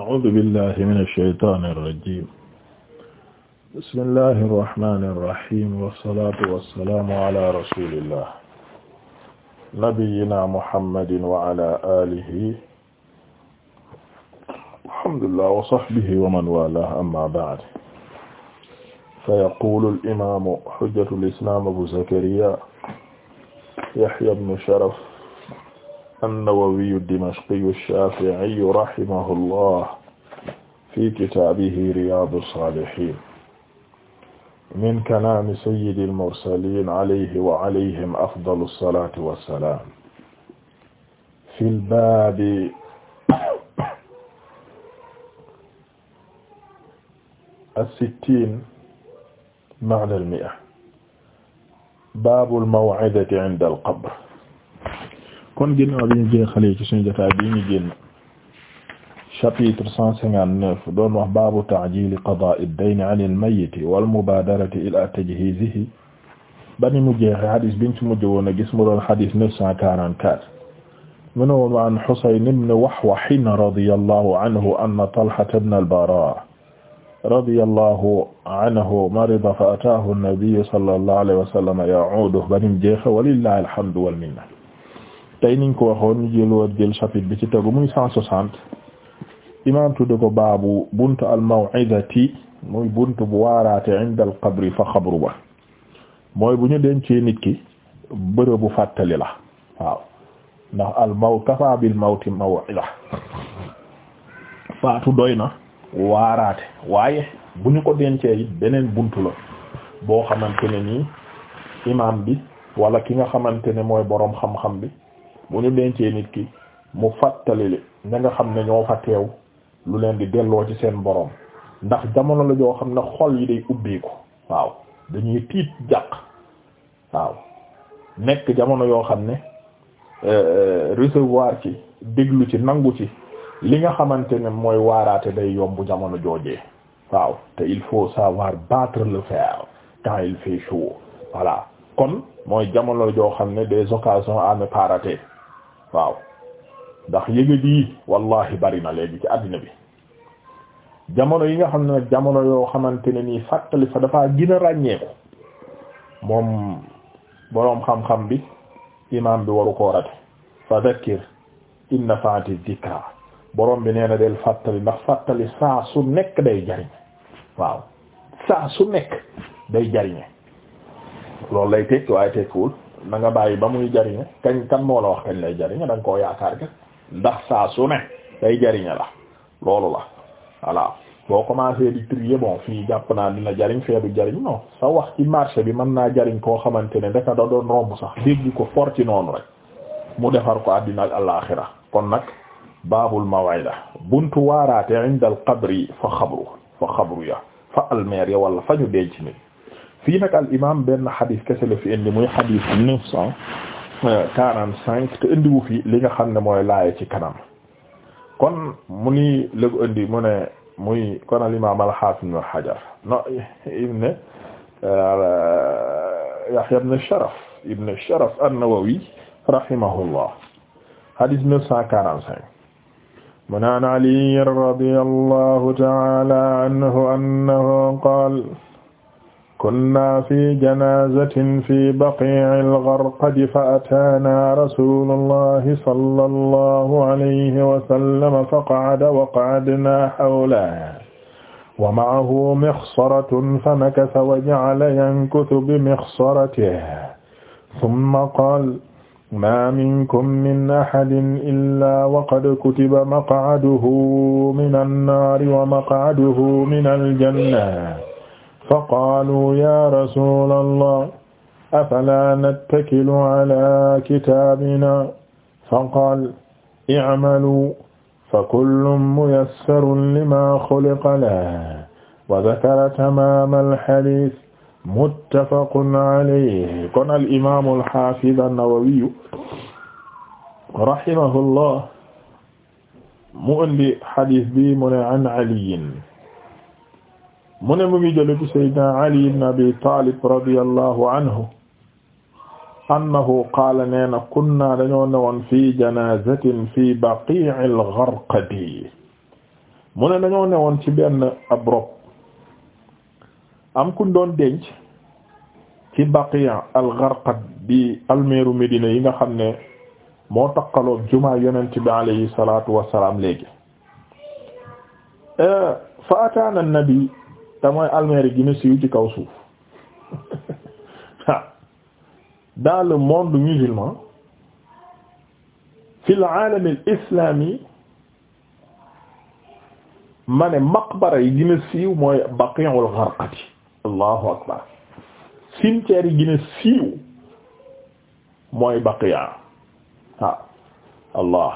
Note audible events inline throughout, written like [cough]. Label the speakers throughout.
Speaker 1: أعوذ بالله من الشيطان الرجيم بسم الله الرحمن الرحيم والصلاة والسلام على رسول الله نبينا محمد وعلى آله الحمد لله وصحبه ومن والاه أما بعد فيقول الإمام حجة الإسلام أبو زكريا يحيى بن شرف an-Nawawi ad-Dimashqi ash-Shafi'i rahimahullah fi kitaabihi Riyaadu as-Saalihiin min kalaami sayyidi al-mursaliin alayhi wa alayhim afdalu as-salaati was-salaam fi al-baabi as-sittiin ma'na al-mi'a baabu al-maw'idati 'inda al-qabr kon ginnaaw bi ñu jeexalee ci suñu jotaay bi ñu génn chapitre cent cinquante neuf doon wax baabu ta'jil qada'i ad-dayni 'ala al-mayyit wal mubadarati ila tajhizihi bani mu jeexe hadis biñ ci mujj woon a gis mu doon hadis neuf cent quarante quatre mu ne woon an Husayn ibn Wahwah radiyallahu anhu anna Talha ibn al-Bara radiyallahu anhu marida fa ataahu an-nabiy sallallahu alayhi wa sallam ya'uduhu bani mu jeexe walillahi alhamdu wal minna tey niñ ko waxoon ñu jël war jël chapitre bi ci tegu muy cent soixante imaam tudde ko baabu buntu al maw'izati bu waaraate inda al qabri fa xabru ba mooy bu ñu dencee nit ki bërëbu fàttali la waaw ndax al mawt kafa bil mawti faatu doy na waaraate waaye bu ñu ko dencee it beneen bunt la boo xamante ne nii imaam bi wala ki nga xamante ne mooy boroom xam-xam bi bu ñu dencee nit ki mu fàttalile ña nga xam ne ñoo fa teew lu leen di delloo ci seen borom ndax jamono la joo xam ne xol yi day ubbeeku waaw dañuy tiit jàq waaw nekk jamono yoo xam ne euh, recevoir ci déglu ci nangu ci li nga xamante ne mooy waaraate day yomb jamono joojee waaw te il faut savoir battre le fer quand il fait chaud voilà kon mooy jamono joo xam ne des occasions à ne pas waaw ndax yëga ji wallahi bari na léegi ci àddina bi jamono yi nga xam ne nag jamono yoo xamante ne nii fàttali fa dafaa gën a ràññeeku moom boroom xam-xam bi imaam bi waru koo rate fa dhakkir in nafaati dhikra borom bi nee na del fàttali ndax fàttali saa su nekk day jariñ waaw saa su nekk day jariñe loolu lay tekki waaye tekkiwul na nga bàyyi ba muy jariñe kañ kan moo la wax kañ lay jariñe da koo yaakaar ga ndax saa su ne day jariñe la loolu la voilà boo commencé di trier bon fii jàpp naa dina jariñ feedu jariñ non sa wax ci marché bi mën naa jariñ koo xamante ne ndeka da doon romb sax dégg ko for ci noonu rek mu defar ko àddina ak alaaxira kon nag baabul maw'ida buntu waaraate inda al qabri fa xabru fa xabru ya fa almeer ya wala fa ñu denc nit fii nag al imam benn xadis kese la fi indi muy xadis neuf cent euh, quarante cinq te indiwu fi li nga xam ne mooy laaya ci kanam kon mu ni lëgu indi mu ne muy kon al imam al hafiz ibn hajar no ibn euh, yahya ibn sharaf ibn sharaf an-nawawi rahimahullah xadis neuf cent quarante cinq mu ne an ali radiyallahu ta'ala anhu annahu qaala kunna fi janazatin fi baqi'il gharqadi fa ataana rasulullahi sallallahu alayhi wa sallam fa qa'ada wa qa'adna hawlahu wa ma'ahu mixsaratun fa makatha wa ja'ala yankuthu bi mixsaratihi thumma qaala ma minkum min ahadin illaa waqad kutiba maq'aduhu mina nnaari wa maq'aduhu mina aljanna faqaalu ya rasula allah afala nattakilu ala kitaabina faqaal i'malu fakullun muyassarun lima xuliqa lahu wa dakara tamaama alhadiis muttafaqun alayhi kon al-imaamu al-haafiz an-Nawawi rahimahullah mu indi hadiis bi mu ne an Aliyin mu ne mu ngi jële ci sayyidina ali ibn abi talib radiyallahu anhu annahu qaala nee na kunna dañoo fi fii janazatin fii baqi'il gharqadi mu ne dañoo newoon ci benn ab rob am kuñ doon denc ci baqi'a al gharqad bi almeeru médina yi nga xam ne moo taqaloog jumaa yonent bi alayhi salaam wasalaam léegi fa ataana nabi te mooy almeeri gi siiw ci kaw suuf [laughs] dans le monde musulman fi al-aalam ma ne maqbara yi gën siiw mooy baqi'ul allahu akbar cimetière yi gën a siiw mooy baqiya allah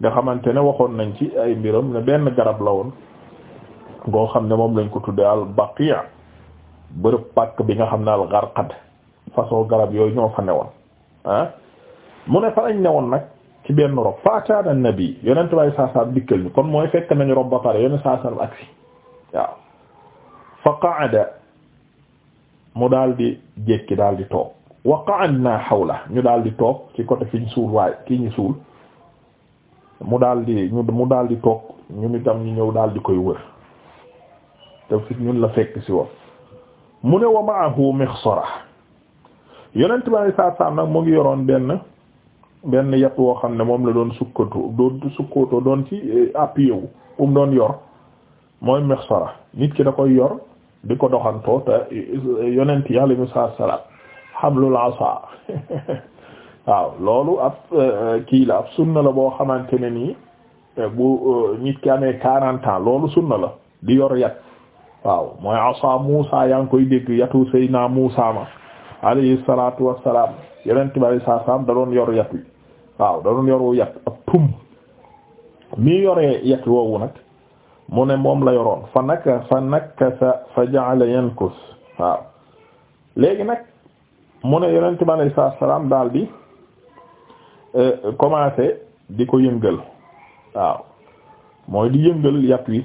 Speaker 1: nga xamante ne waxoon nañ ci ay mbiram ne benn garab la woon pàkk xam ne moom lañ ko tuddee al baqiya bërëb pàkk bi nga xam ne al gharqad façon garab yooyu ñoo fa newoon ah. mu ne fa lañ newoon nag ci benn rob fa ataana nabi yonent way saasaam dikkal ñu kon mooy fekk nañu rob ba pare yonent saasaam agsi waaw fa qa'ada mu daal di jékki daal di toog wa qa'adna hawla ñu daal di toog ci côté fi ñu suul waaye kii ñu suul mu daldi mu daal toog ñu nitam ñu ñëw daal di koy wër te ñun la fekk si woon mu ne wa ma'ahu mixsara yonent bi saa saa nag mu ngi yoroon benn benn yat woo xam ne moom la doon sukkatu doon doon ci eh, appui wu um doon yor mooy mixsara nit ki da koy yor di ko doxantoo te eh, yonent yàlla mu saa salaat hablul asa [laughs] waaw loolu ab eh, kii la ab sunna la boo xamante ne nii bu nit ki amee quarante ans loolu sunna la di yor yat waaw mooy asa Muusa yaa ngi koy dégg yatu Seydina Muusa ma alayhi salaatu wassalaam yeneen tibari saa saam da doon yor yat wi waaw da doon yoru yat ak tum mi yoree yat woowu nag mu ne moom la yoroon fa naka fa nakasa fa ja'ala yankus waaw léegi nag mu ne yonent bi alayhi salaam daal di e, commencé di ko yëngal waaw mooy di yëngal yat wi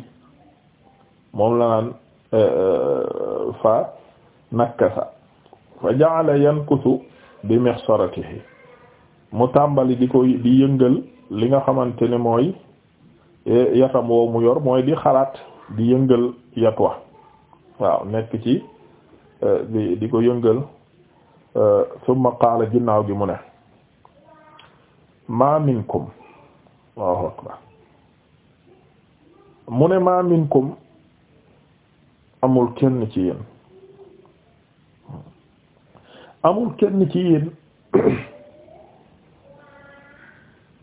Speaker 1: moom la naan Euh, euh, fa nakkasa fa ja'ala yankusu bi mihsaratihi mu tàmbali di ko di yëngal li nga xamante ne mooy e, yatam woo mu yor mooy di xalaat di yëngal yat wa waaw nekk ci e, di di ko yëngal summa e, qaala ginnaaw gi mu ne ma minkum mu ne ma minkum amul kenn ci yéen amul kenn ci yéen [clears throat]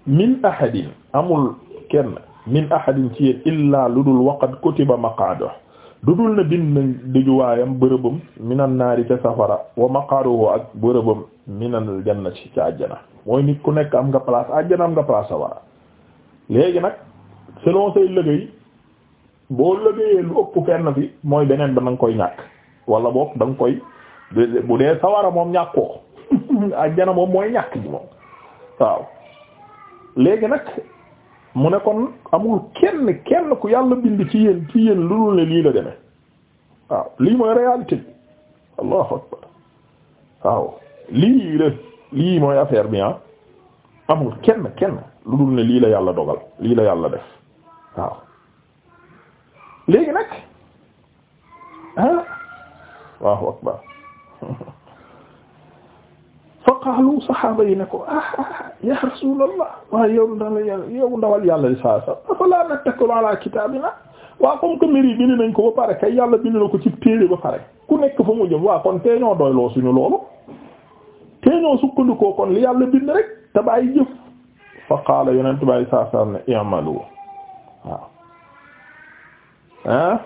Speaker 1: min ahadin amul kenn min ahadin ci yéen illaa lu dul waqad kutiba maqaado lu dul na bind nañ dëjuwaayam bërëbam minan naari ca safara wa maqaaduhu ak bërëbam minal jannati ca àjjana mooy nit ku nekk am nga place àjjana am nga place safara léegi nag selon say liggéey boo lëgéeyee lu ëpp fenn fi mooy beneen ba na koy ñàkk wala boog da nga koy bu dee sawara moom ñàkkoo [laughs] ajjana moom mooy ñàkk ji moom waaw léegi nag mu ne kon amul kenn kenn ku yàlla bind ci yéen ci yéen lu dul ne lii la deme waaw lii mooy réalité bi allahu akbar waaw lii la lii mooy affaire bi ah. amul kenn kenn lu dul ne lii la yàlla dogal lii la yàlla def waaw léegi nag ah Allahu akbar fa qaalu saxaaba yi ne ko ah, ah, ah ya rasulallah waaye yow ndawal yàlla yow ndawal yàlla li saa saa afalaa nattakilu ala kitaabina waa comme que mairie bind nañ ko ba pare kay yàlla bind na ko ci téere ba pare ku nekk fa mu jëm waa kon tee doyloo suñu loolu tee ñoo sukkandikoo kon li yàlla bind rek te jëf fa qaala yonent bi saa saa ne i'malu waaw. ah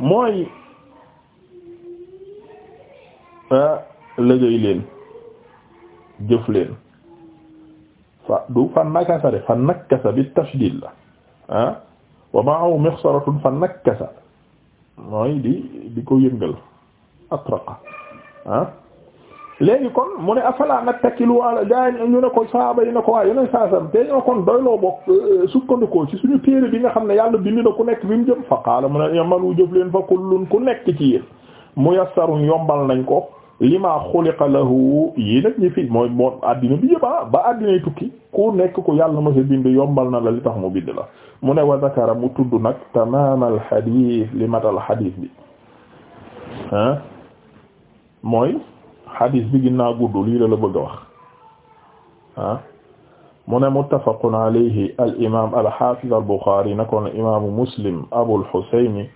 Speaker 1: mooy ah liggéey leen jëf leen fa du fa nakasa de bi tashdid la ah wa ma'ahu mixsaratun fa nakasa mooy di di ko yëngal atraqa ah léegi kon mu ne afala nattakilu ala gaa yi ñu ne ko saaba yi ne ko waaye yeneen saa sam te ñoo kon doyloo bokk euh, sukkandikoo ci suñu téere bi nga xam ne yàlla bind na ku nekk bi mu jëm fa qaala mu ne yamalu jëf leen fa kullun ku nekk ci yéen muyassarun yombal nañ ko lima xuliqa lahu yi nag ñi fi mooy moo addina bi yëpp ah, ba addinay tukki ku nekk ku yàlla ma sa bind yombal na la li tax mu bind la mu ne wa zakara mu tudd nag tamaamal xadiis li matal xadiis bi ginnaa gudd lii la la bëgg wax ah mu ne muttafaqun alayhi al imaam al xaafiz al buxaari nakoon imaamu muslim abul xusayni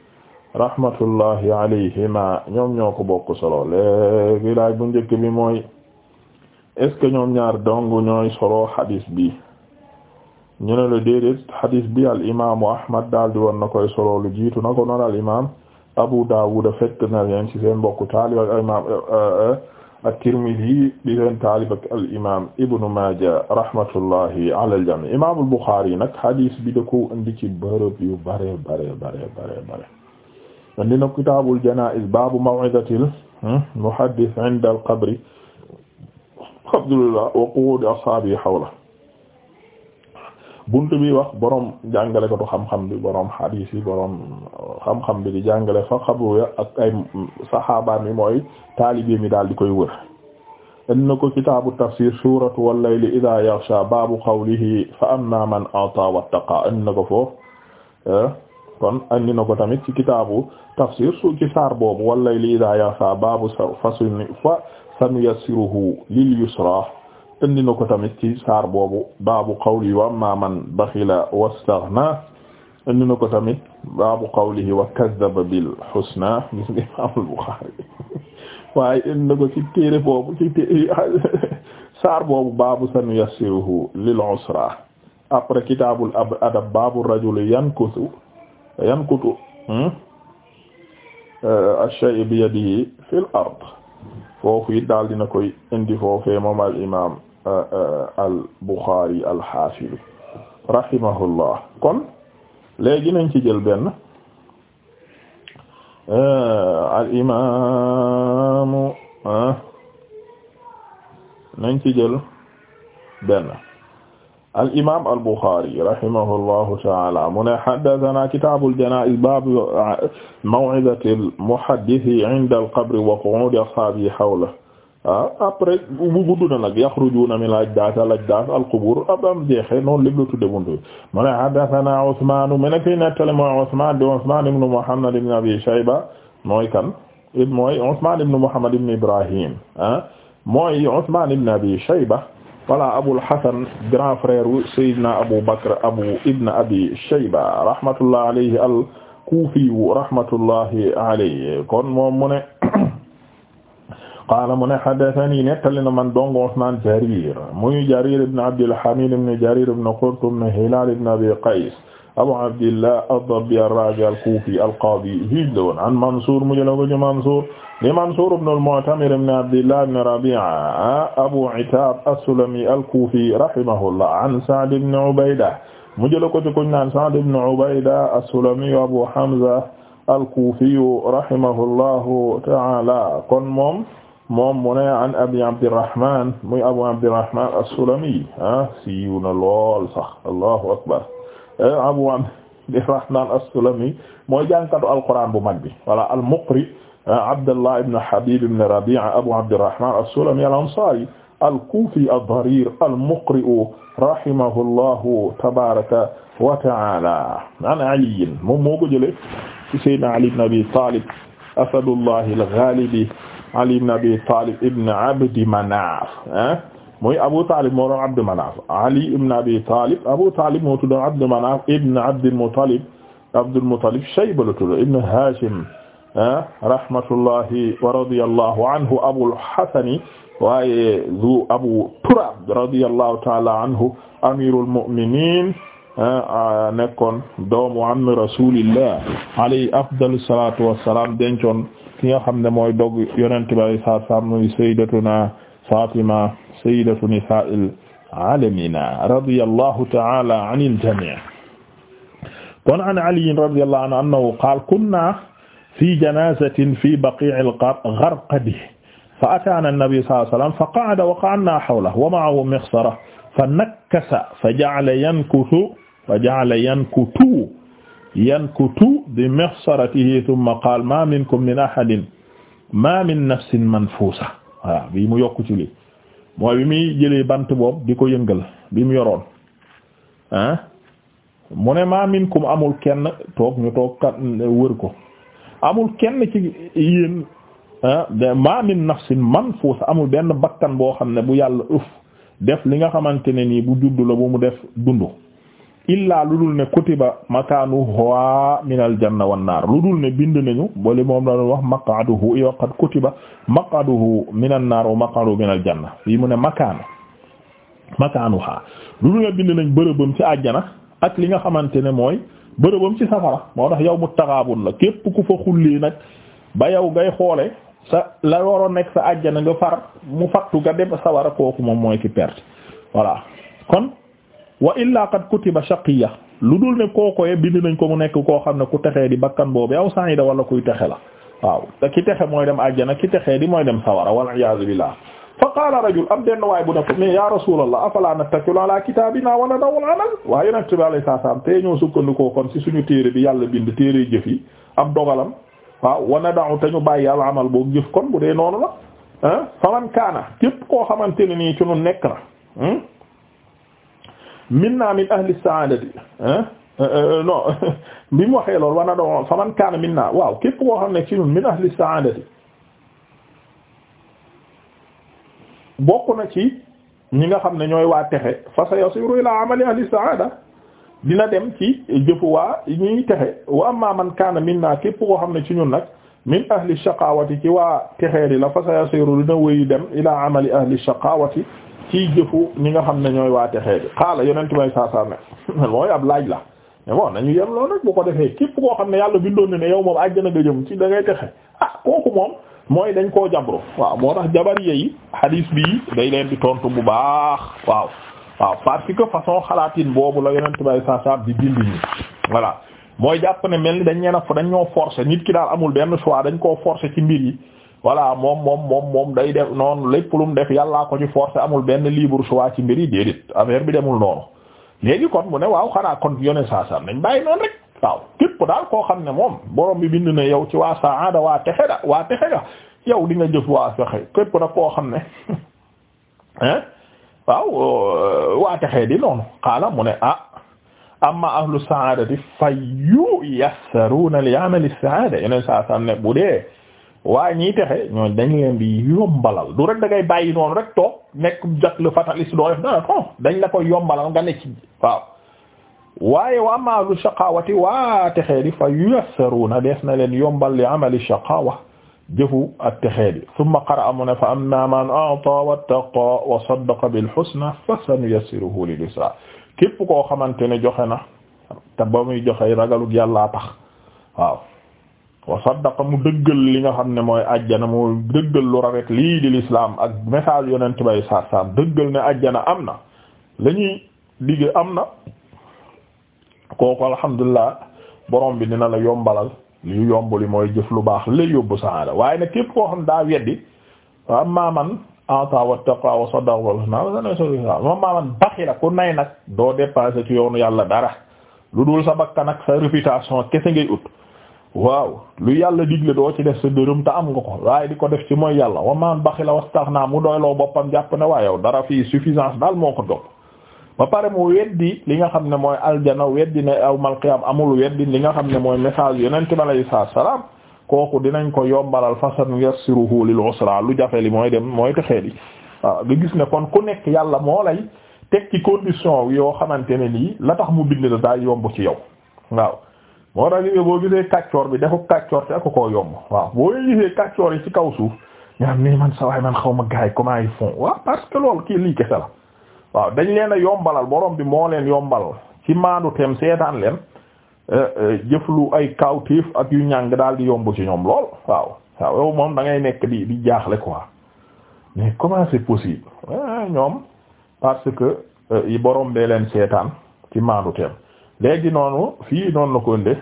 Speaker 1: rahmatullahi alayhima ñoom ñoo ko bokk solo léegi laaj bu njëkk bi mooy est ce ñoom ñaar dong ñooy solo xadiis bi ñu ne la déedéet bi al imaamu ahmad daal di war koy solo lu jiitu na ko al imaam abu daawud fekk na leen ci seen bokku taali al imaam at-Tirmidhi di leen taalib ak al imaam Ibn Maaja rahmatullahi ala al-jamii imaamul Buxaari nag hadis bi da ko indi ci bërëb yu bare bare bare bare bare indi na kitaabul janaa'iz baabu maw'izatil hmm, muhaddis inda al-qabri Abdullah wa qu'uudi ashaabihi hawlahu buntu bi wax borom jàngalekatu xam-xam bi borom hadith yi borom uh, xam-xam bi di jàngale fa xabu ya ak ay saxaabaam yi mooy taalibe mi daal di koy wër. indi na ko kitaabu tafsir suuratu wallayli idaa yaxsha baabu qawlihi fa ammaa man ataa wattaqaa indi na ko foofu eh, kon indi na ko tamit ci kitaabu tafsir su ci saar boobu wallayli idaa yaxsha baabu fa fa sanuyassiruhu lil yusraa indi na ko tamit ci saar boobu baabu qawli wa amma man baxila wastaghna indi na ko tamit baabu qawlihi wa kazzaba bil husna gis nga Imaam al-Buxaari [laughs] waaye indi na ko ci [laughs] saar boobu baabu sanuyassiruhu lil usra après kitaabul adab baabu rajuli yankutu yankutu hmm, ash-shay'a bi yadihi fil foofu it daal dina koy indi al Bukhari al xaafidu rahimahullah kon léegi nañ ci jël benn euh, al imaamu ah, nañ ci jël benn al imaam al Bukhari rahimahullahu ta'ala mu ne haddathana kitaabul janaa'iz baabu maw'izati al muhaddisi 'inda al qabri wa qu'uudi ashaabihi hawlahu ah après bu gudd na nag yaxrujuuna min al-ajdaas al-ajdaas al-qubuur abam jeexee noonu lépp la tudde buntu mu ne haddasanaa Usmaan mu ne kii nettali mooy Usmaan di Usmaan ibnu Muhammad ibnu Abi Shayba mooy kan mooy Usmaan ibnu Muhammad ibnu Ibraahiim ah mooy Usmaan ibnu Abi Shayba voilà Abul Hasan grand frère wu Seydina Abu Bakr Abu ibn Abi Shayba rahmatullahi alayhi al-Kuufi rahmatullahi alayhi kon moom mu ne qaala mu ne haddathanii nettali na man dong Usmaan Jarir muy Jarir ibn Abdil Hamiid ibn Jarir ibn Qurt ibn Hilaal ibn Abi Qays Abu Abdillah ad-Dabbi ar-Raaji al-Kuufi al-Qaadi juge la woon an Mansuur mu jëla ko ci Mansuur di Mansuur ibn al-Mu'tamir ibn Abdillah ibn Rabi'a Abu Itaab as-Sulami al-Kuufi rahimahullah an Sa'd ibn Ubayda mu jëla ko ci kuñ naan Sa'd ibn Ubayda as-Sulami Abu Hamza al-Kuufi rahimahullahu ta'ala kon moom moom mu ne an abi abdirahman muy abu abdirahman as-Sulami ah siiw na lool sax allahu akbar eh, abu abdirahman as-Sulami mooy jàngkatu alquran bu mag bi voilà al-Muqri ah, Abdallah ibn Habib ibn Rabi'a abu abdirahman as-Sulami al-Ansari al-Kufi ad-Darir al-Muqri rahimahullahu tabaraka wa ta'ala an Ali moom moo ko jëlee ci Sayyidina Ali ibn Abi Talib asadullahi al-Ghalibi Ali ibn Abi Talib ibn Abdi Manaf ah muy Abu Talib moo doon Abdi Manaf Ali ibn Abi Talib Abu Talib moo tuddoon Abdi Manaf ibn Abdil Muttalib Abdul Muttalib Shayba la tudd ibn Hashim ah rahmatullahi wa radiyallahu anhu Abul Hasan waaye zu Abu Turab radiyallahu ta'ala anhu amirul mu'minin nekkoon doomu am rasulillah alayhi afdalu salatu wassalam dencoon ki nga xam ne mooy dog yonente bi alayhi salaatu salaam muy sayyidatuna Fatima sayyidatu nisaa'il aalamiina radiyallahu ta'ala anil jamii' kon an Ali radiyallahu anhu annahu qaala kunnaa fii janaazatin fii baqii'il gharqadi fa ataanaa nabiyyu sallallahu alayhi wa sallam fa qa'ada wa qa'adnaa hawlahu wa ma'ahu miqsara fa nakkasa fa ja'ala yankutu fa ja'ala yankutu yankutu bi mihsaratihi thumma qaala ma minkum min ahadin ma min nafsin manfuusa voilà bi mu yokk ci li mooy bi muy jëlee bant boobu di ko yëngal bi mu yoroon ah mu ne ma minkum amul kenn toog ñu toog wër ko amul kenn ci yéen ma min nafsin manfuusa amul benn bakkan boo xam ne bu yàlla uf def li nga xamante ne nii bu juddu la bu mu def dundu illaa lu dul ne kutiba makaanuhu min aljanna wannaar lu dul ne bind nañu boole moom la doon wax maq'aduhu yow qad kutiba maq'aduhu min annaar wa maq'aduhu min aljanna fii mu ne makaanu makaanuha lu dul ne bind nañ bërëbam ci àjjana ak li nga xamante ne mooy bërëbam ci safara moo tax yow mu taxaabun la képp ku fa xulli nag ba yow ngay xoole sa la waroo nekk sa àjjana nga far mu fattu nga dem sawara kooku moom mooy ki perte voilà kon. wa illaa qad kutiba shaqiya lu dul ne kookoye bind nañ ko mu nekk koo xam ne ku texee di bakkan boobu aw sa'ida wala kuy texe la waaw te ki texe mooy dem àjjana ki texee di mooy dem sawara wal iyaazu billah fa qaala rajul am denn waay bu ne ko mais ya rasulallah afala nattakilu ala kitaabina wala dawul amal waaye yonent bi alayhi salaam te ñoo sukkandikoo kon si suñu téere bi yàlla bind téere jëf yi am dogalam waaw wana daaw te ñu bàyyi al amal boobu jëf kon bu dee noonu la ah faman kaana képp koo xamante ne nii ci nu nekk na hmm? minna min ahli saadati euh, euh, non [laughs] bi mu waxee lool war na doon fa man kaana minna waaw képp koo xam ne ci ñun min ahli saadati bokk na ci ñi nga xam ne ñooy waa texe fa sayasiru ila amali ahli saada dina dem ci jëfu waa ñuy texe wa amma man kaana minna képp koo xam ne ci ñun nag min ahli shaqawati ci waa texeeri la fa sayasiru dina wéy dem ila amali ahli shaqawati ciy jëfu ñi nga xam ne ñooy waa texee bi xaala yonent may saasar ne [laughs] mooy ab laaj la mais bon nañu yem loolu rek bu ko defee képp koo xam ne yàlla bindoon na ne yow moom àjjana nga jëm ci da ngay texe ah kooku moom mooy dañ koo jabro waaw moo tax jabar yeyi hadis bii day leen di tontu bu baax waaw waaw parce que façon xalaatin boobu la yonent may saasar di bind ñi voilà mooy jàpp ne mel ni dañ ñeen a dañ ñoo forcer nit ki daal amul benn choix dañ koo forcer ci mbir yi voilà moom moom moom moom day def noonu lépp lu mu def yàlla ko ci force amul benn libre choix ci mbir yi déedéet affaire bi demul noonu léegi kon mu ne waaw xanaa kon yone saa saa nañ koo xam ne moom borom bi bind na yow ci waa saada waa nga jëf waa fexe képp nag xam ne [laughs] euh, mu ne ah amma ne bu dee waaye ñiy texe ñooñ dañ leen di yombalal du rek da ngay bàyyi noonu rek toog nekk jak le fataliste doo def dara non dañ la koy yombalal nga ne ci waaw waaye wa amalu shaqawati waa texee di fa yuyassaruna dees na leen yombal li amali shaqawa jëfu ak texee di thumma qara amu ne fa amma man a'ta wattaqa wa saddaqa bil husna fa sanuyassiruhu lil képp koo xamante ne joxe na te ba muy joxe ragalut yàllaa tax waa saddaqa mu dëggal li nga xam ne mooy ajjana moo dëggal lu rafet lii di lislaam ak message yonent bay sar sam dëggal ne ajjana am na la ñuy am na kooku alhamdulilah borom bi dina la yombalal li yomb li mooy jëf lu baax lay yóbbu saada waaye nag képp koo xam daa weddi wa maaman ata wattaqa wa saddaqa bil husna wa maaman baxila ku nay nag doo dépenser ci yoonu yàlla dara lu dul sa bakkan ak sa réputation kese ngay waaw lu yàlla digle doo ci def sa dërëm te am nga ko waaye di ko def ci mooy yàlla wa man baxila wastaghna mu doyloo boppam jàpp ne waaye yow dara fii suffisance daal moo ko dopp ba pare mu weddi li nga xam ne mooy aljana weddi ne aw malqiyam amul weddi li nga xam ne mooy message yonent bi alayhi salaam kooku dinañ ko yombalal fasan yassiruhu lil usra lu jafe li mooy dem mooy texee li waaw gis ne kon ku nekk yàlla moo lay teg ci condition yoo xamante ne nii la tax mu bind la daa yomb ci yow moo tax nga boo gisee kàccoor bi defu kàccoor te ako koo yomb waaw boo gisee kàccoor yi ci kaw suuf ñu am nii man sa waay man xaw ma gars yi comment ils font waaw parce que loolu kii lii kese la waaw dañ leen a yombalal borom bi moo leen yombal ci maandu tem seetaan leen eh, eh, lu ay kaw kawtéef ak yu ñàng daal di yomb ci ñoom lool waaw waaw moom da ngay nekk di di jaaxle quoi mais comment c'est possible eh, ñoom parce que borom bee leen seetaan ci maandu léegi noonu fii noonu la ko ënde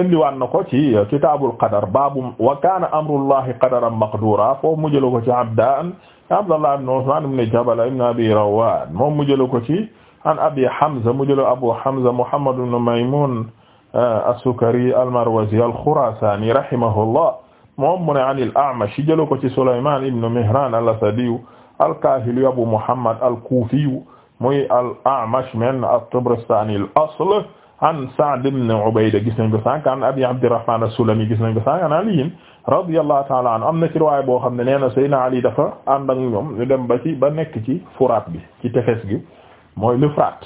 Speaker 1: indiwaan hmm. euh, na ko ci kitaabul qadar baabu wa kaana amrullahi qadaran maqdura foofu mu jëla ko ci abdan abdallah ibn usman ibn jabal ibn abi rawan moom mu jëla ko ci an abi hamza mu jëla abu hamza muhammad ibn maymun euh, as-sukari al-marwazi al-khurasani rahimahullah moom mu ne an al-a'mash jëla ko ci sulayman ibn mihran al-asadi al-kahili abu muhammad al-kufi muy al A'mash min at-Tabaristani al-asl an Sa'd ibn Ubayda gis nañ ko sànq an Abi Abdurrahman as-Sulami gis nañ ko sànq an Ali radiyallahu ta'ala anhu am na ci riwaaya boo xam ne nee na Seydina Ali dafa ànd ak ñoom ñu dem ba ci ba nekk ci Furaat bi ci tefes gi mooy l'Euphrate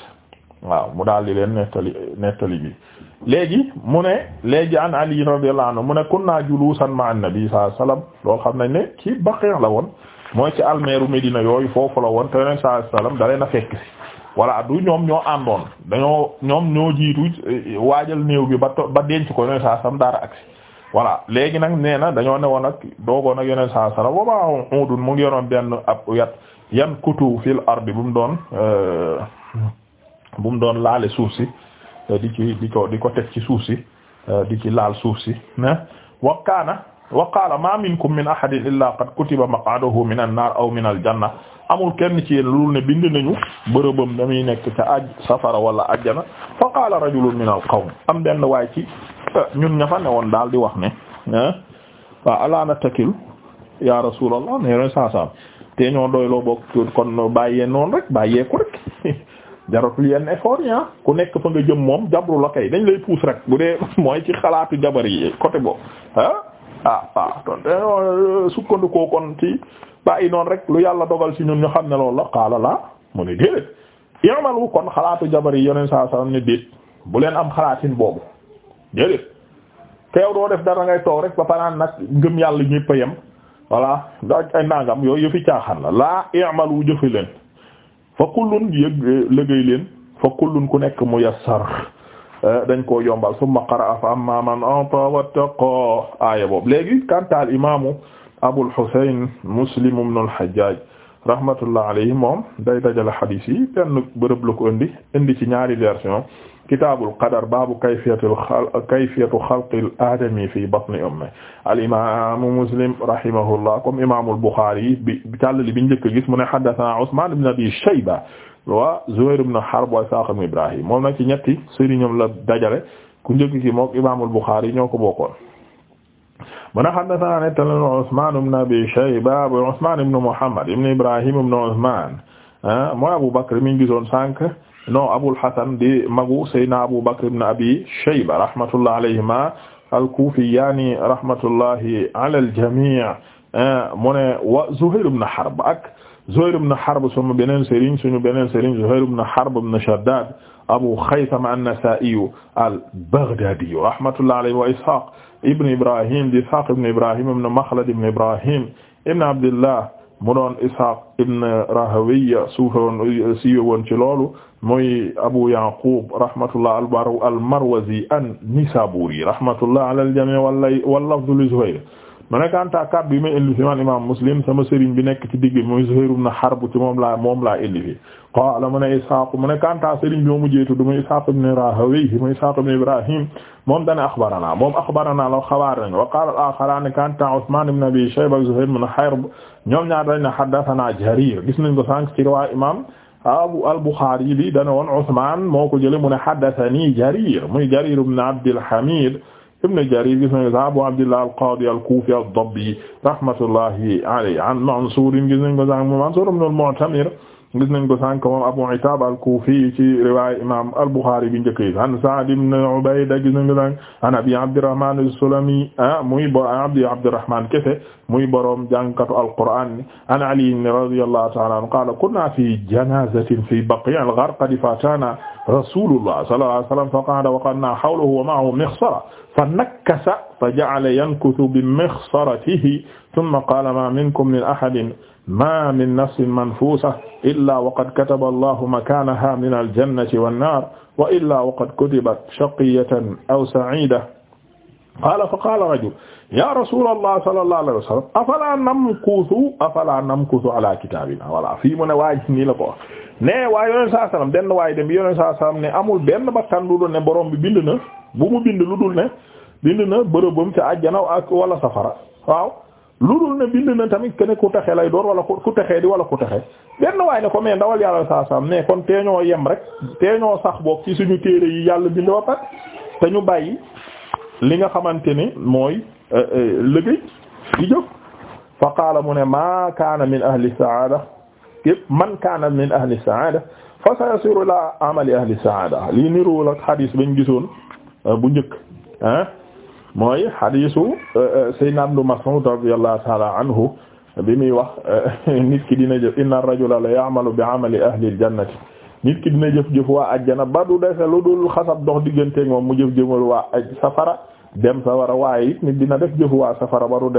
Speaker 1: waaw mu daal di leen nettali nettali bi léegi mu ne léegi an Ali radiyallahu anhu mu ne kunna julusan ma'a an-nabi sallallahu alayhi wasallam loolu xam nañ ne ci Baqi' la woon mooy ci almeeru Medina yooyu foofu la woon te yoneen saa salaam na fekk si voilà du ñoom ñoo àndoon dañoo ñoom ñoo jiitu waajal néew bi ba ba denc ko yoneen saa salaam daara agsi voilà léegi nag nee na dañoo newoon ak doogoon ak yoneen saa salaam wa maa mu ngi yoroon benn ab yat yan kutu fiil ardi bu mu doon euh, bu mu doon laale suuf si di ci di ko di ko teg ci suuf si euh, di ci laal suuf si na wakkaana wa qaala ma minkum min ahadin illa qad kutiba maq'aduhu min an-naar aw min al amul kenn ci yéen loolu ne bind nañu bërëbam damuy nekk ca aj safara wala ajjana fa qaala rajulun min al-qawm am benn waay ci eh, ñun ña fa ne woon daal di wax ne eh, waaw alaa nattakilu ya rasulallah ne yoneen saasaam te ñoo doy loo bokk kon bàyyee noonu rek bàyyee ko rek [laughs] jaratul yenn effort ah. ku nekk fa nga jëm moom jabru la kay dañ lay puus rek bu dee [laughs] mooy ci xalaatu jabar yi côté boobu ah. ah ah kon eh, sukkandikoo kon ci bàyyi noonu rek lu yàlla dogal si ñun ñu xam ne loolu la xaala la mu ne déedéet i'malu kon xalaatu jabar yi yoneen saa sallam ne déet bu leen am xalaatin boobu déedéet teew doo def dara ngay toog rek ba paraan nag ngëm yàlla ñëpp yem voilà da ay yooyu yëfi caaxaan la laa i'malu jëfe leen fa kullun yëg eh, liggéey leen fa kullun ku nekk muyassar Euh, dañ koo yombal summa qara'a fa amma man a'ta wattaqa aaya boobu léegi kantaal imaamu Abul Husayn Muslim ibn al-Hajjaj rahmatullah alayhi moom day dajale xadiis yi benn bërëb la ko indi indi ci ñaari version kitaabul qadar baabu kayfiyatul xalq kayfiyatu xalqil aadami fii batni ummi al imaamu muslim rahimahullah comme imaamul buxaari bi tàllali bi njëkk gis mu ne haddasanaa Usmaan ibn Abi Shayba wa Zuhayr ibn Harb wa Isaaq ibn Ibrahim moom nag ci ñetti sëriñam la dajale ku njëkk ci moom Imaamul Buxaari ñoo ko bokkoon mu ne haddasanaa nettali Usmaan ibn Abi Shayba bu Usmaan ibn Muhammad ibn Ibrahim ibn Usmaan mooy Abu Bakr mi ngi gisoon sànq non Abul Hasan di magu Seydina Abu Bakr ibn Abi Shayba rahmatullah alayhima al-Kufiyaani rahmatullahi ala al-jamii' mu ne wa Zuhayr ibn Harb ak Zuhayr ibn Harb suma beneen sëriñ suñu beneen sëriñ Zuhayr ibn Harb ibn Shaddad Abu Khaytham an-Nasa'i al-Baghdadi rahmatullahi alayhi wa Ishaq ibn Ibrahim di Ishaq ibn Ibrahim ibn Makhlad ibn Ibrahim ibn Abdillah mu doon Ishaq ibn Rahawayh suufoon siiwe woon ci loolu mooy Abu Yaqub rahmatullahi al-Marwazi an-Nisaburi rahmatullahi ala al-jami' wal lafzu li Zuhayr ma ne kanta kàddu yi may indi fi man imam muslim sama sëriñ bi nekk ci digg muy Zuhayr ibn Harb ci moom laa moom laa indi fi qaala mu ne Ishaaq mu ne kanta sëriñ bi moomu jeetu du muy Ishaaq ibn Rahawayh muy Ishaaq ibn Ibrahim moom dane axbarana moom axbarana la xabaar nañ wa qaala al-aaxaraan kanta Usmaan ibn Abi Shayba Zuhayr ibn Harb ñoom ñaar na ne haddathanaa Jariir gis nañ ko sànq ci imam abu al-Buxaari bi dane woon Usmaan moo ko jële mu ne haddathanii Jariir muy Jariir ibn Abdil ibn Jarir gis nañu ko Abu Abdillah al-Qadi al-Kufi ad-Dabbi rahmatullahi alayhi an Mansur gis nañu ko Mansur ibn al-Mu'tamir gis nañ ko sànq moom Abu Itab al-Kufi ci riwaaya imam al-Bukhari bi njëkk yi an Sa'd ibn Ubayda gis nañ ko sànq an Abi Abdurrahman as-Sulami ah muy bo Abi Abdurrahman kefe muy borom jàngkatu al-Qur'an an Ali radiyallahu ta'ala anhu qala kunna fi janazatin fi Baqi' al-Gharqad fatana rasulullah sallallahu alayhi wa sallam fa qa'ada wa qa'adna hawlahu wa ma'ahu mikhsara fanakkasa faja'ala yankuthu bi mikhsaratihi thumma qala ma minkum min ahadin ma min nafsin manfuusa illaa waqad kataba allahu makaanaha min aljannati wannaar wa illaa waqad kutibat shaqiyatan aw sa'iida qaala fa qaala rajul ya rasulallah sallallahu alayhi wa sallam afalaa namkusu afalaa namkusu ala kitaabina voilà fii mu ne waa ji nii la ko wax ne waa yoneen saa sallam benn waay dem yoneen saa sallam ne amul benn bakkan lu dul ne borom bi bind na bu mu bind lu dul ne bind na bërëbam ca àjjana ak wala safara waaw lu dul ne bind na tamit kenn ku texe lay doon wala ku texee di wala ku texe benn waay ne ko mais ndawal yàlla saa saam mais kon teeñoo yem rek ñoo sax boog ci suñu téere yi yàlla bind ba pat te ñu bàyyi li nga xamante ni mooy euh, euh, liggéey di jóg fa qaala mu ne ma kaana min ahli saada képp man kaana min ahli saada fa sayasiru ila amali ahli saada lii niruwul ak xadiis bañ gisoon euh, bu njëkk mooy xadiisu euh, euh, sayyidina Ibnu Mas'ud radiyallahu ta'ala anhu bi muy wax euh, [laughs] nit ki dina jëf inna ar-rajula la ya'malu bi 'amali ahli al-jannati nit ki dina jëf-jëf waa ajjana ba du dese lu dul xasab dox diggante moom mu jëf-jëfal waa aj safara dem safara waaye it dina def jëf waa safara ba du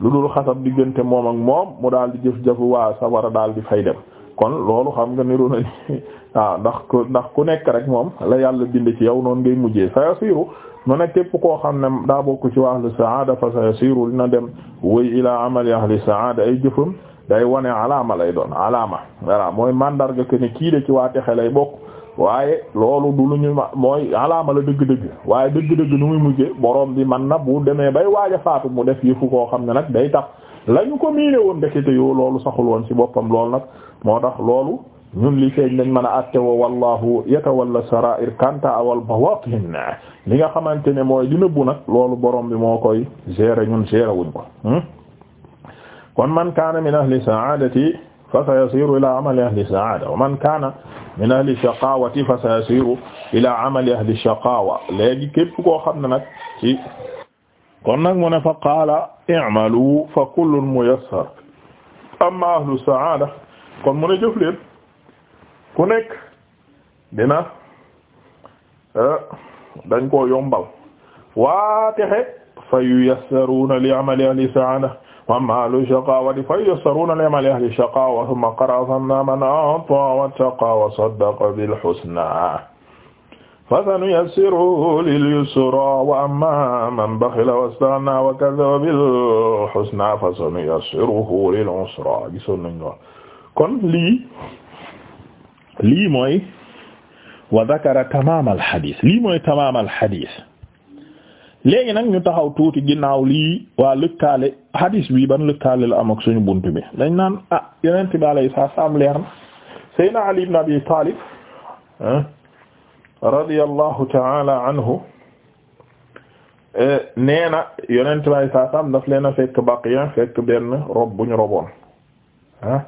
Speaker 1: lu dul xasab diggante moom ak moom mu daal di jëf-jëf waa safara daal di fay dem kon loolu xam nga niru na [laughs] waaw ndax ku ndax ku nekk rek moom la yàlla bind ci yow noonu ngay mujjee sa yasiru mu ne képp koo xam ne daa bokk ci ahlu saada fa sa dina dem woy ilaa amali ahli saada ay jëfam day wane alaama lay doon alaama voilà mooy màndarga que ne kii de ci waa texe lay bokk waaye loolu du lu ñu mooy alaama la dëgg-dëgg waaye dëgg-dëgg nu muy mujje borom bi man na bu demee bay waaj a faatu mu def yëfu koo xam ne nag day tax lañu ko miine woon ndekete yoo loolu saxul woon si boppam loolu nag moo tax loolu ñun lii feeñ lañ mën a atte woo wallahu yatawalla sarair kanta awal bawatin li nga xamante ne mooy di nëbbu nag loolu borom bi moo koy gérer ñun gérer wuñ ko hmm? kon man kaana min ahli saadati fa sayasiru ila amali ahli saada wa man kaana min ahli shaqawati fa sayasiru ila amali ahli shaqawa léegi képp koo xam ne nag ci kon nag mu ne fa qaala i'malu fa kullun muyassar amma ahlu saada kon mu ne jëf leen ku nekk dina eh, dañ koo yombal waa texe fa yuyassaruna li amali ahli saada wa amma ahlu shaqawati fa yuyassaruna li amali ahli shaqawa thumma qara'a man a'ta wattaqa wa saddaqa bil husna fasanuyassiruhu lil yusra wa amma man baxila wastaxnaa wa kazzaba bil husnaa fasanuyassiruhu lil usra gisoon kon lii lii mooy wa dakara tamaam al xadiis li mooy tamaam al xadiis léegi nag ñu taxaw tuuti ginnaaw lii waa lëkkaale xadiis bi ban lëkkaale la am ak suñu bunt bi dañ naan ah Yonent bi alayhi salaam leer Ali ibn Abi Taalib radiyallahu ta'ala anhu nee na yonent bay saasam daf leen a fekk baqiya fekk benn rob bu ñu roboon ah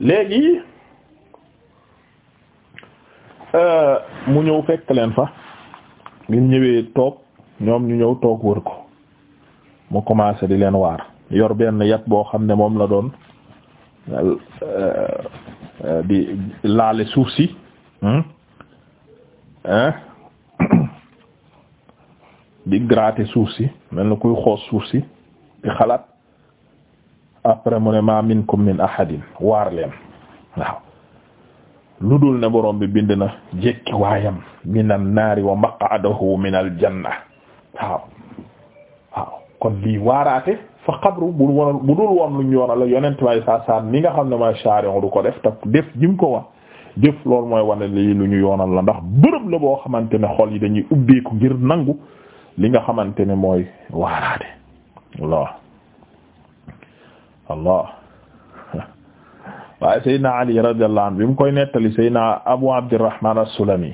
Speaker 1: léegi euh, mu ñëw fekk leen fa bi mu ñëwee toog ñoom ñu ñëw toog wër ko mu commencé di leen waar yor benn yat boo xam ne moom la doon euh, euh, di laale suuf si hmm? [coughs] di gratter suuf si mel na kuy xoos suuf si di xalaat après mu ne ma minkum min ahadin waar leen waaw lu dul ne boroom bi bind na jekki waayam minan naari wa maq'adahu minal janna waaw waaw kon lii waaraate fa xabru bu woon dul woon lu ñoona la yonent may saa ni nga xam ne may shaari du ko def te def jim ko wax jëf loolu mooy wane lii lu ñu yoonal la ndax bërëb la boo xamante ne xol yi dañuy ubbeeku ngir nangu li nga xamante ne mooy waaraate Allah Allah waaye Seydina Ali radiyallahu bi mu koy nettali Seydina Abu Abdurrahman as-Sulami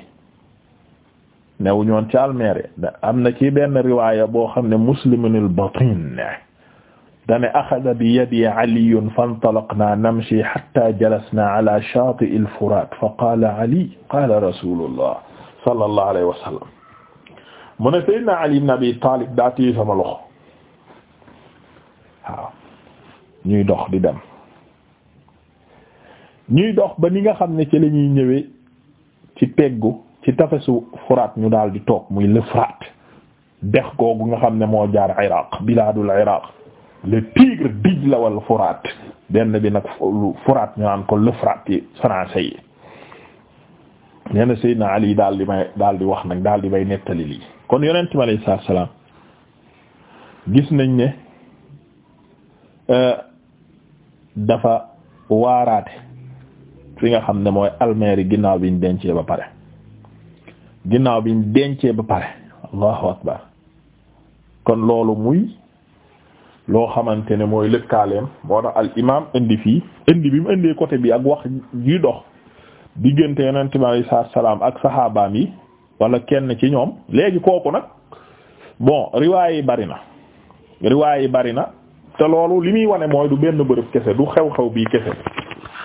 Speaker 1: newuñoon ci almere am na ci benn riwaaya boo xam ne Muslimun al dane axada bi yadi caliyun fantalaqnaa namshi xatta jalasnaa ala shaati'i al-furaat fa qaala ali qaala rasuulullah sallallahu alayhi wa sallam mu ne Seydina Ali ibn Abi Taalib daa téye sama loxo waaw dox di dem ñuy dox ba ni nga xam ne ci la ñuy ñëwee ci peggu ci tafesu furaat ñu daal di toog muy le furaat dex googu nga xam ne moo jaar Iraq bilaadul Iraq le tigre Dijla wal Furaat benn bi nag Furaat ñu naan ko l'Euphrate yi français yi nee na Ali daal di may daal di wax nag daal di may nettali lii kon yonent mi alayhi salaatu salaam gis nañ ne euh, dafa waaraate fi nga xam ne mooy almeer yi ginnaaw biñ dencee ba pare ginnaaw biñ dencee ba pare allahu akbar kon loolu muy loo xamante ne mooy lëkkaaleem moo tax al imaam indi fii indi bi mu indee côté bi ak wax yuy dox diggante yonent bi alayhi salaam ak saxaabaam yi wala kenn ci ñoom léegi kooku nag bon riwaay yi bari na riwaay yi bari na te loolu li muy wane mooy du benn bërëb kese du xew-xew bi kese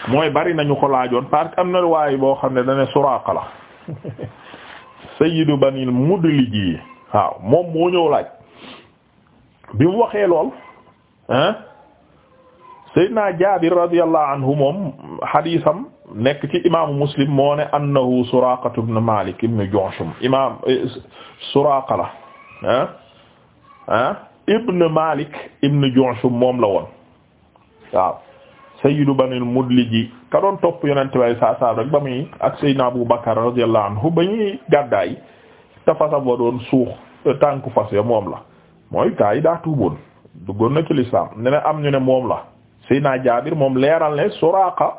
Speaker 1: mooy bari nañu ko laajoon parce que am na riwaay boo xam ne dane Suraaqa la [laughs] sayyidu banil Mudliji waaw moom moo ñëw laaj bi mu waxee lool ah Seydina Jaabir radiyallahu anhu moom xadiisam nekk ci imaamu Muslim moo ne annahu Suraaqatu ibn Maalik ibn Ju'shum imaam eh, Suraaqa la ah ah moom la woon waaw sayyidu banil mudliji topp yonent way saa saa ba muy ak Seydina Abu Bakar radiyallahu anhu ba ñuy tafasa ba suux eh, tànku fas ya moom la mooy gaa yi daa duggoon na ci lislaam ne am ñu ne moom la Seydina Jaabir moom leeral ne Suraaqa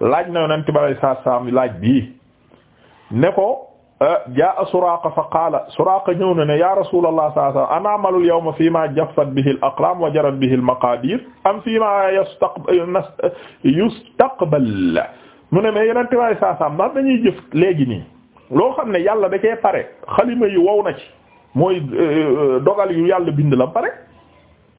Speaker 1: laaj na yonent bi alayhi laaj bii ne ko jaa Suraaqa fa qaala Suraaqa ñëw na ne ya Rasuulallah sallallahu alayhi wasallam ana'malul yawma fiimaa jaffat bihi al-aqlaam wa jarat bihi al-maqaadiir am fiimaa yustaqbal mu ne mais yonent bi alayhi salaatu dañuy jëf léegi nii loo xam ne yàlla da cee pare xalima yi wow na ci mooy euh, euh, dogal yu yàlla bind la pare